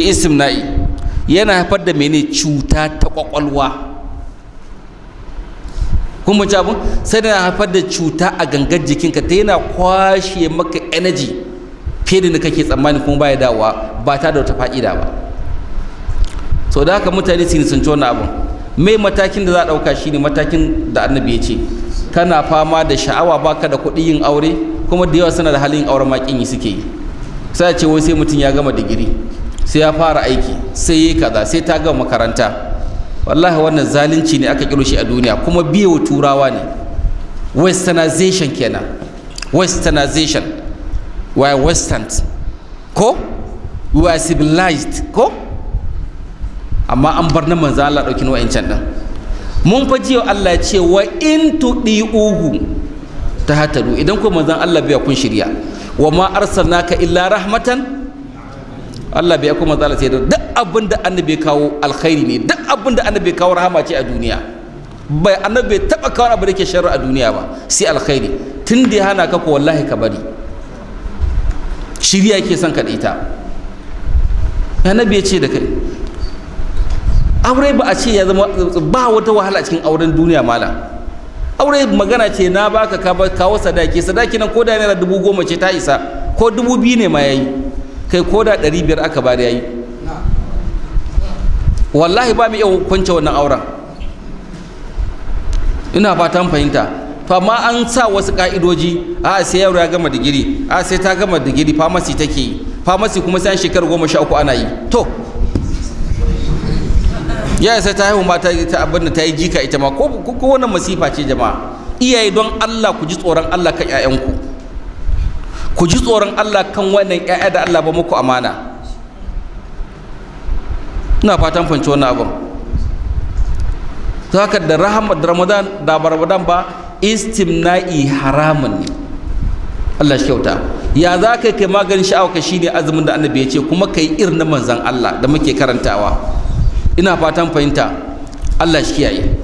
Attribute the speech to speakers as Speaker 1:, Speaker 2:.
Speaker 1: istimna'i yana haifar da mene cuta ta kwakwalwa kun abin sai haifar da cuta a gangar jikinka ta yana kwashe maka energy fiye da kake tsammani kuma baya dawowa ba ta da wata fa'ida ba so da haka mutane su nisanci wannan abin mai matakin da za a ɗauka shine matakin da annabi ya ce kana fama da sha'awa baka da kuɗi yin aure kuma da yawa suna da halin auren maƙin yi suke yi sai a ce wai sai mutum ya gama digiri sai ya fara aiki sai yi kaza sai ta gama makaranta wallahi wannan zalunci ne aka kiro shi a duniya kuma biyewa turawa ne westernization kenan westernization we western ko we are civilized ko amma an bar na manzo Allah dauki wa'ancan din mun fa jiya Allah ya ce wa in tudiuhu tahtadu idan ko manzo Allah biya kun shirya wa ma arsalnaka illa rahmatan Allah bai kuma zala sai duk abin da annabi kawo alkhairi ne duk abin da annabi kawo rahama ce a duniya bai annabi taba kawo abin da ke sharri a duniya ba sai alkhairi tun da ya hana ka ko wallahi ka bari shirya ke son ka ita annabi ya ce da kai aure ba a ce ya zama ba wata wahala a cikin auren duniya mala aure magana ce na baka kawo sadaki sadaki nan ko da naira dubu goma ce ta isa ko dubu biyu ne ma yayi kai ko da ɗari biyar aka ba da yayi wallahi ba mu iya kwance wannan auren ina fatan fahimta to amma an sa wasu ka'idoji a sai yaro ya gama digiri a sai ta gama digiri famasi take yi famasi kuma sai shekaru goma sha uku ana yi to ya sai ta haihu mata ta abin da ta yi jika ita ma ko wannan masifa ce jama'a iyaye don Allah ku ji tsoron Allah kan 'ya'yanku ku ji tsoron Allah kan wannan ƴaƴa da Allah ba muku amana ina fatan fanci wannan abin haka da rahama da ramadan da ramadan ba istimna'i haramun ne Allah shi kyauta ya za ka kai maganin sha'awa ka shine azumin da annabi ya ce kuma ka yi irin na manzon Allah da muke karantawa ina fatan fahimta Allah shi kiyaye